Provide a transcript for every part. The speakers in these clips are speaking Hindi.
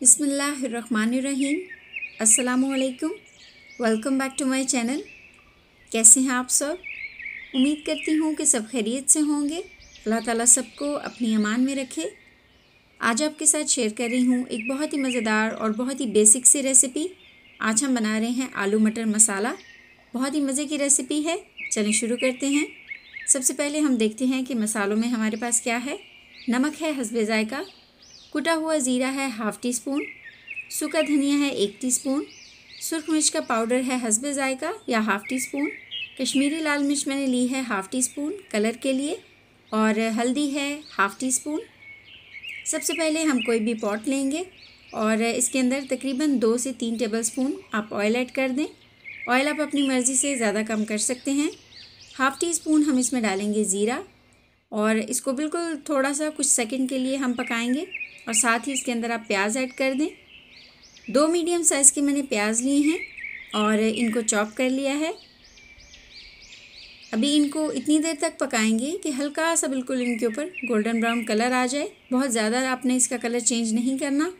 बिसमीम असलकम welcome back to my channel कैसे हैं आप सब उम्मीद करती हूँ कि सब खैरियत से होंगे अल्लाह ताला सबको अपनी अमान में रखे आज आपके साथ शेयर कर रही हूँ एक बहुत ही मज़ेदार और बहुत ही बेसिक सी रेसिपी आज हम बना रहे हैं आलू मटर मसाला बहुत ही मज़े की रेसिपी है चलें शुरू करते हैं सबसे पहले हम देखते हैं कि मसालों में हमारे पास क्या है नमक है हसबे ज़ायका कुटा हुआ ज़ीरा है हाफ़ टी स्पून सूखा धनिया है एक टी स्पून सुरख मिर्च का पाउडर है हसब ज़ायका या हाफ़ टी स्पून कश्मीरी लाल मिर्च मैंने ली है हाफ़ टी स्पून कलर के लिए और हल्दी है हाफ़ टी स्पून सबसे पहले हम कोई भी पॉट लेंगे और इसके अंदर तकरीबन दो से तीन टेबल स्पून आप ऑयल ऐड कर दें ऑयल आप अपनी मर्ज़ी से ज़्यादा कम कर सकते हैं हाफ़ टी स्पून हम इसमें डालेंगे ज़ीरा और इसको बिल्कुल थोड़ा सा कुछ सेकंड के लिए हम पकाएंगे और साथ ही इसके अंदर आप प्याज ऐड कर दें दो मीडियम साइज़ के मैंने प्याज लिए हैं और इनको चॉप कर लिया है अभी इनको इतनी देर तक पकाएंगे कि हल्का सा बिल्कुल इनके ऊपर गोल्डन ब्राउन कलर आ जाए बहुत ज़्यादा आपने इसका कलर चेंज नहीं करना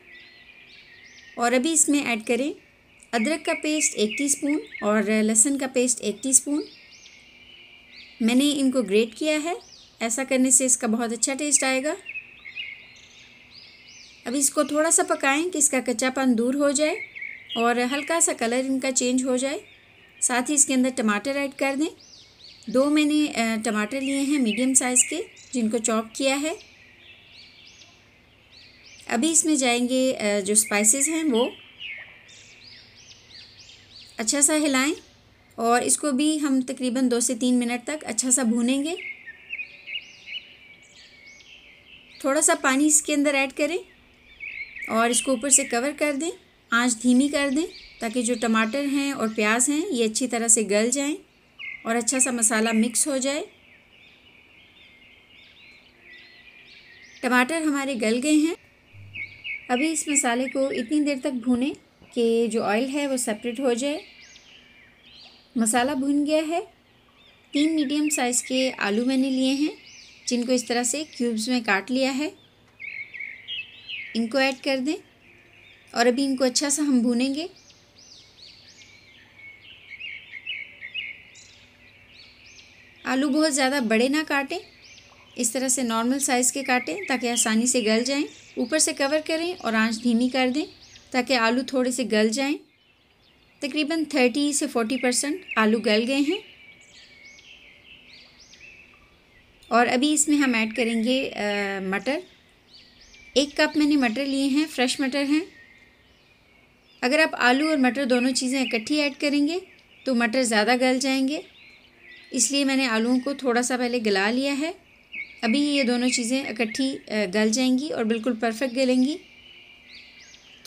और अभी इसमें ऐड करें अदरक का पेस्ट एक टीस्पून और लहसुन का पेस्ट एक टीस्पून मैंने इनको ग्रेट किया है ऐसा करने से इसका बहुत अच्छा टेस्ट आएगा अब इसको थोड़ा सा पकाएं कि इसका कच्चापन दूर हो जाए और हल्का सा कलर इनका चेंज हो जाए साथ ही इसके अंदर टमाटर ऐड कर दें दो मैंने टमाटर लिए हैं मीडियम साइज़ के जिनको चॉप किया है अभी इसमें जाएंगे जो स्पाइसेस हैं वो अच्छा सा हिलाएं और इसको भी हम तकरीबन दो से तीन मिनट तक अच्छा सा भूनेंगे थोड़ा सा पानी इसके अंदर ऐड करें और इसको ऊपर से कवर कर दें आंच धीमी कर दें ताकि जो टमाटर हैं और प्याज हैं ये अच्छी तरह से गल जाएं और अच्छा सा मसाला मिक्स हो जाए टमाटर हमारे गल गए हैं अभी इस मसाले को इतनी देर तक भूनें कि जो ऑयल है वो सेपरेट हो जाए मसाला भुन गया है तीन मीडियम साइज़ के आलू मैंने लिए हैं जिनको इस तरह से क्यूब्स में काट लिया है इनको ऐड कर दें और अभी इनको अच्छा सा हम भूनेंगे आलू बहुत ज़्यादा बड़े ना काटें इस तरह से नॉर्मल साइज़ के काटें ताकि आसानी से गल जाएं ऊपर से कवर करें और आंच धीमी कर दें ताकि आलू थोड़े से गल जाएं तकरीबन थर्टी से फोर्टी परसेंट आलू गल गए हैं और अभी इसमें हम ऐड करेंगे मटर एक कप मैंने मटर लिए हैं फ्रेश मटर हैं अगर आप आलू और मटर दोनों चीज़ें इकट्ठी ऐड करेंगे तो मटर ज़्यादा गल जाएंगे इसलिए मैंने आलूओं को थोड़ा सा पहले गला लिया है अभी ये दोनों चीज़ें इकट्ठी गल जाएंगी और बिल्कुल परफेक्ट गलेंगी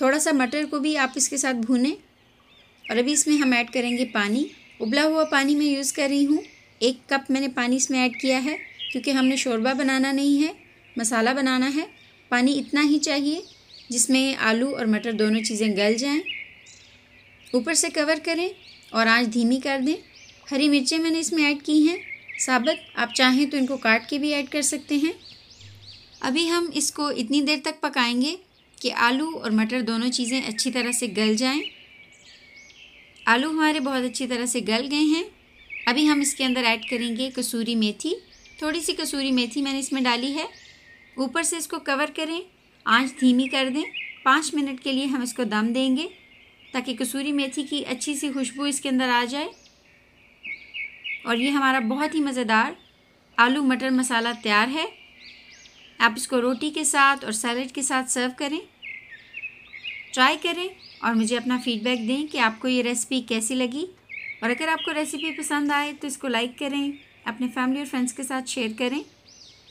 थोड़ा सा मटर को भी आप इसके साथ भूनें और अभी इसमें हम ऐड करेंगे पानी उबला हुआ पानी मैं यूज़ कर रही हूँ एक कप मैंने पानी इसमें ऐड किया है क्योंकि हमने शोरबा बनाना नहीं है मसाला बनाना है पानी इतना ही चाहिए जिसमें आलू और मटर दोनों चीज़ें गल जाएं। ऊपर से कवर करें और आंच धीमी कर दें हरी मिर्चें मैंने इसमें ऐड की हैं साबत आप चाहें तो इनको काट के भी ऐड कर सकते हैं अभी हम इसको इतनी देर तक पकाएंगे कि आलू और मटर दोनों चीज़ें अच्छी तरह से गल जाएं। आलू हमारे बहुत अच्छी तरह से गल गए हैं अभी हम इसके अंदर ऐड करेंगे कसूरी मेथी थोड़ी सी कसूरी मेथी मैंने इसमें डाली है ऊपर से इसको कवर करें आंच धीमी कर दें पाँच मिनट के लिए हम इसको दम देंगे ताकि कसूरी मेथी की अच्छी सी खुशबू इसके अंदर आ जाए और ये हमारा बहुत ही मज़ेदार आलू मटर मसाला तैयार है आप इसको रोटी के साथ और सैलड के साथ सर्व करें ट्राई करें और मुझे अपना फीडबैक दें कि आपको ये रेसिपी कैसी लगी और अगर आपको रेसिपी पसंद आए तो इसको लाइक करें अपने फैमिली और फ्रेंड्स के साथ शेयर करें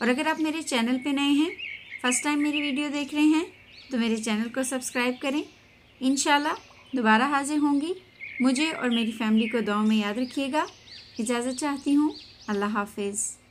और अगर आप मेरे चैनल पे नए हैं फर्स्ट टाइम मेरी वीडियो देख रहे हैं तो मेरे चैनल को सब्सक्राइब करें इन दोबारा हाजिर होंगी मुझे और मेरी फैमिली को दुआ में याद रखिएगा इजाज़त चाहती हूँ अल्लाह हाफिज़